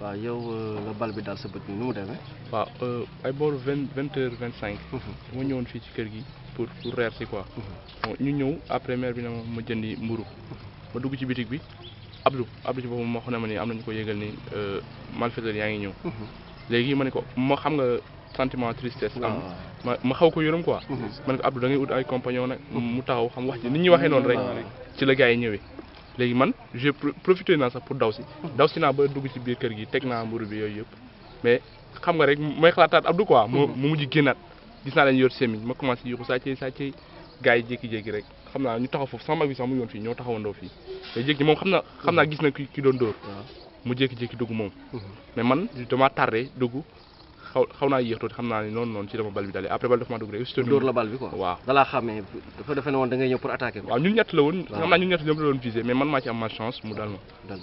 waaw yow euh, la bal bi daal sa bët bi nu mu demee. waaw euh, ay booru vingt vingt heures vingt cinq. Mhm. ma ñëwoon fii ci kër gi pour pour reer si quoi. Mhm. ñu ñëw après mère bi na ma jëndi mburu mhm. ma dugg ci bitig bi Abdou Abdou ci boppam moo xam ne ma ni am nañu ko yëgal ni euh, malfaiteur yaa ngi ñëw. léegi ma ne ko ma xam nga sentiment tristesse am ma ma xaw ko yërëm quoi. ma ne ko Abdou da ngay ut ay compagnon mu taxaw xam wax ji ni ñuy waxee noonu rek ci la gars yi ñëwee. léegi man j'ai profité naa sax pour daw si daw si naa ba dugg si biir kër gi teg naa mburu bi yooyu yëpp mais xam nga rek mooy may xalaataat Abdou quoi mu mujj génnaat gis naa dañu yor semiñ ma commencé yuuxu saa cey saa cey gars yi jékki-jékki rek xam naa ñu taxaw foofu sama mag bi sax mu yoon fii ñoo taxawandoo fii te jékki moom xam na xam naa gis na ki doon dóor mu jékki-jékki dugg moom mhm. mais man dama tardé dugg xaw xaw naa yéex tuuti xam naa ne noonu noonu ci dama bal bi dalee après bal dafa ma dugg rek dóor la bal bi quoi waaw da laa dafa defe ne woon da ngay ñëw pour attaquer ko waaw ñun ñett la woon xam maa ci am ma chance mu dal ma mhm. mhm.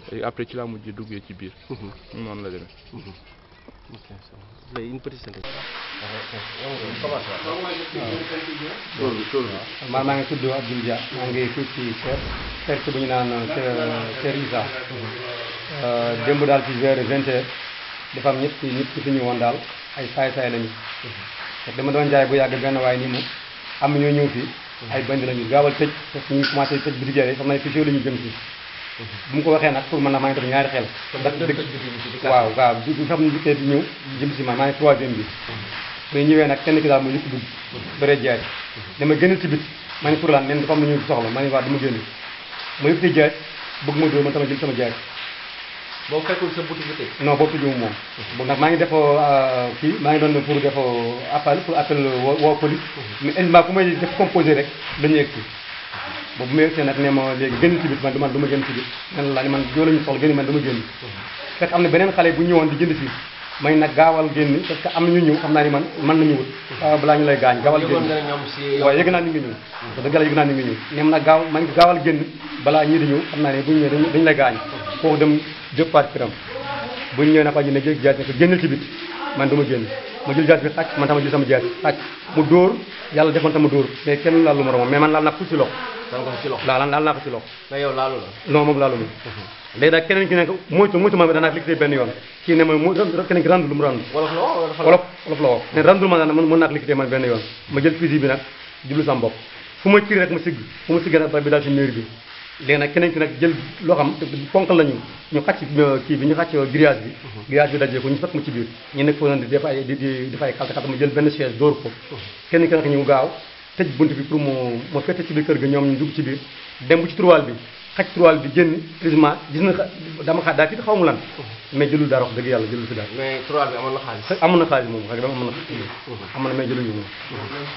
ah, maa ngi tudd Abdoul Dia maa ngi fii ci kër kër bu ñu naan kër euh, Issa. Mhm. Euh, démb daal ci vers vingt dafa am ñett nit ci suñu woon daal ay saay-saay lañu dama doon jaay bu yàgg benn waaye nii moom am ñoo ñëw fii ay bandi lañu gaawal tëj parce que ñu commencé tëj man na ñaari xel ndax dëgg waaw waaw bi xam ne njëkkee ki daal mu njëkk dugg bare ma ne pour lan nen ma ne waa dama génn ma yëkkati sama jaay boo fekkul sa boobu tëjuwul moom. ndax maa ngi def euh, kii maa ngi doon pour def euh, appel pour appel woo euh, woo police. mais élément bu may def composé rek dañuy egg si. boobu bu ma yegsee nag nee ma léegi génn si biir man man du ma génn si man laaj man la ñu man du ma génn. fekk xale bu ñëwoon di jënd si. may nag gaawal génn parce que am na ñu ñëw xam naa ni man man nañu wut ah, balaa ñu lay gaañ gaawal génn waaye yëg naa ni ngi ñëw wax hmm. dëgg nag gaaw man gaawal génn balaa ñii di ñëw xam naa ne bu ñu dañu kooku dem jóg paas kiram bu ñu ñëwee na ko ne jël jaasi ne ko génnal ci bit man du ma génn ma jël jaasi bi sàcc man tam ma jël sama jaasi sàcc mu dóor yàlla defoon sama dóor mais kenn laalu moromam mais man laal naa ko ci loxo laal ko ci loxo laal laal naa ko ci loxo mais la non moom laalu ma léegi nag keneen ki nekk moytu moytu yoon kii ne mooy keneen ki rendu lu mu rendu wolof wolof la wax ne ma daan mën naa liggéey man benn yoon ma jël fusil bi nag jublu sama bopp fu ma tiir rek ma sigg fu ma sigg nag bi daal ci mur bi léegi nag keneen ki nag jël loo xam fonkal lañu ñu xàcc kii bi ñu xàcc grillage bi grillage bi dajee ko ñu fekk ma ci biir ñu nekk foofu noonu di di def ay xalta ma jël benn chaise dóor ko keneen ki nag ñu gaaw tëj bunt bi pour mu ma fette ci biir kër gi ñoom ñu dugg ci biir dem bu ci turwaal bi xaj turuwaal bi génn pratiquement gis na dama xaar daa tiit xaw mu lan mais jëlul dara dëgg yàlla jëlul fi dara mais turuwaal bi amoon na xaalis amoon na xaalis moom xaj dama amoon na mais jëlul ñu moom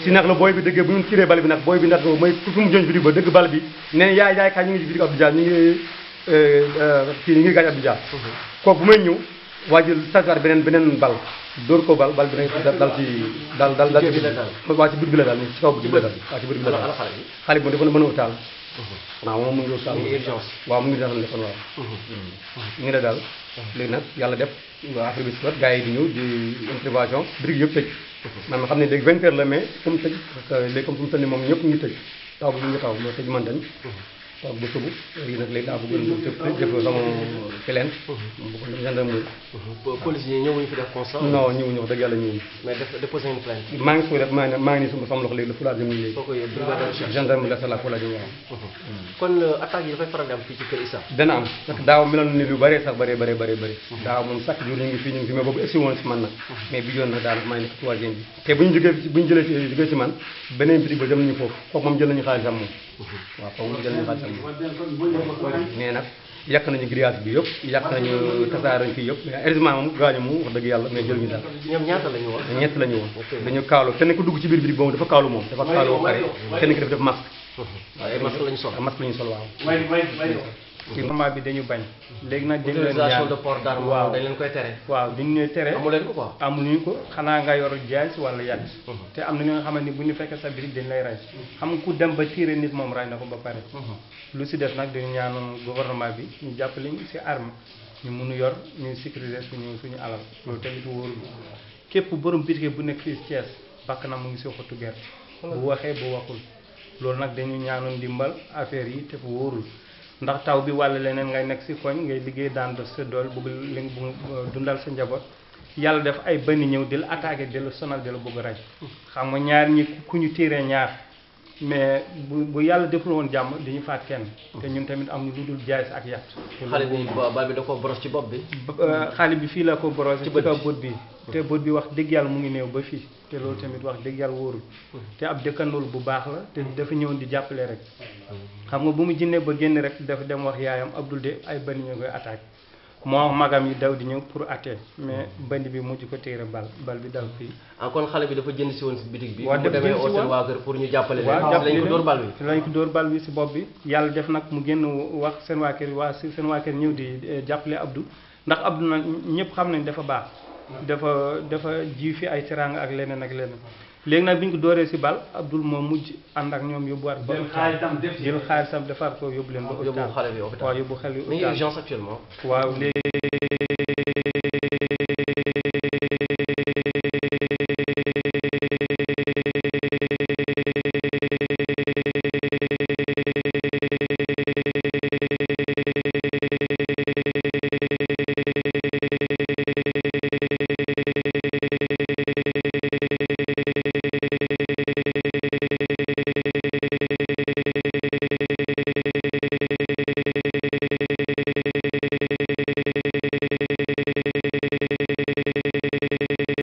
si nag la booy bi dëggee bu ñu tiré bal bi nag booy bi ndax mooy fu mu jëm fi ba dëgg bal bi neen yaay yaay kaay ñu ngi ci biir Abdou Dia ñu ngi euh, kii ñu ngi gaañ Abdou bu may ñëw waa jël sasar beneen beneen bal dóor ko bal bal bi nag dal ci dal dal dal waa ci bët bi la daal ci kaw bët bi la daal waa ci bët bi la daal xale bi xanaa moom mu ngi doon sàmm urgence waaw mu ngi doon defal waaw. ñu hmm. ngi ne daal léegi nag yàlla def waa affaire bi si waat gars yi di ñëw di intervention briques yëpp tëj. maanaam xam ne léegi vingt la mais fu tëj parce comme fu mu toll moom ñëpp ñu tëj taw bi ñu ngi taw moo tëj man dañ. toog ba subu léegi nag léegi daa bëgg ñu def sama plainte bu ko gendarmerie police yi ñëwuñu fi def constat non ñëwuñu wax dëgg yàlla ñëwuñu mais déposé ngeen plainte maa ngi koy def maa ngi maa ngi nii sama sama loxo léegi la fulaat jëm léegi gendarmerie la sala fula jëm waaw mhm. kon euh, attaque yi dafay faral di am fii ci kër Issa dana am ndax daaw meloon ni lu bëree sax bëree bëree bëree bëri mhm. daaw moom chaque jour ñu ngi fii ñu ngi fi mais boobu egsi woon si man nag mhm. mais bi yoon nag daanaka maa ngi nekk troisième bi te bu ñu jógee bu ñu jëlee jógee si man beneen bitig ba dem nañu foofu foofu moom jël nañu xaalisam moom waaw foofu ñu jël ñu xaalisam mais nag yàq nañu grillage bi yëpp yàq nañu tasaare fii yëpp mais heureusement moom gaañu mu wax dëgg yàlla mais jël ñu dara la ñu woon ñett la ñu woon dañu kaalu kenn ku dugg ci biir biir boobu dafa kaalu moom dafa kaalu ba pare kenn ki def def masque waaw masque lañu sol masque ci moment bi dañu bañ. léegi nag dañu leen jaay de waaw dañ leen koy tere. waaw duñu ñuy tere amu ko quoi. amuñu ko xanaa nga yor jaay si wàllu yàgg. Mhm. te am na ñoo xamante ni bu ñu fekkee sa biir dañ lay rey. xam ku dem ba tiire nit moom rey na ko ba pare. Mhm. lu si def nag dañu ñaanoon gouvernement bi ñu jàppale si arme ñu mun yor ñu sécuriser suñu suñu alal loolu tamit wóorul képp borom bitig bu nekk fii Thiès bakk na mu ngi si xottu gerte. bu waxee bu waxul loolu nag dañu ñaanoon dimbal affaire yi te fu wóorul ndax taw bi walla leneen ngay nekk si koñ ngay liggéey daan ba sa dool bëgg li dundal sa njaboot yàlla def ay bënn ñëw di la attaqué di la sonal di la bëgg raj xam nga ñaar ñi ku ñu tiiree ñaar mais bu bu yàlla deful woon jàmm di ñu faat kenn. te ñun tamit am lu dul jaayis ak yàtt. xale bi bal bi da ko boros ci bopp bi. Euh, xale bi fii la ko boros. ci kaw bët bi te bët bi wax dëgg yàlla mu ngi néew ba fii. te loolu tamit wax dëgg yàlla wóorul. te ab dëkkandool bu baax la te dafa ñëwoon di jàppale rek. Mm. xam nga bu mu jinnee ba génn rek dafa dem wax yaayam Abdul de ay bani ñoo koy attaque. moo magam yi daw di ñëw pour atte mais bandi bi mujj ko téere bal bal bi daw fii. ah kon xale bi dafa jënd si woon si bitig bi. waaw dafa jënd si woon demee seen waa kër pour ñu jàppale leen. waaw ko dóor bal bi. lañ ko dóor bal bi si bopp bi yàlla def nag mu génn wax seen waa kër waa seen waa kër ñëw di eh, jàppale Abdou ndax Abdou nag ñëpp xam nañ dafa baax. dafa dafa ji fi ay teraanga ak leneen ak leneen. léegi nag bi ñu ko dooree si bal Abdul moo mujj ànd ak ñoom yóbbuwaat. ba hôpital jël xaalisam defar ko yóbbu leen ba hôpital waaw yóbbu xale bi hôpital waaw léegi.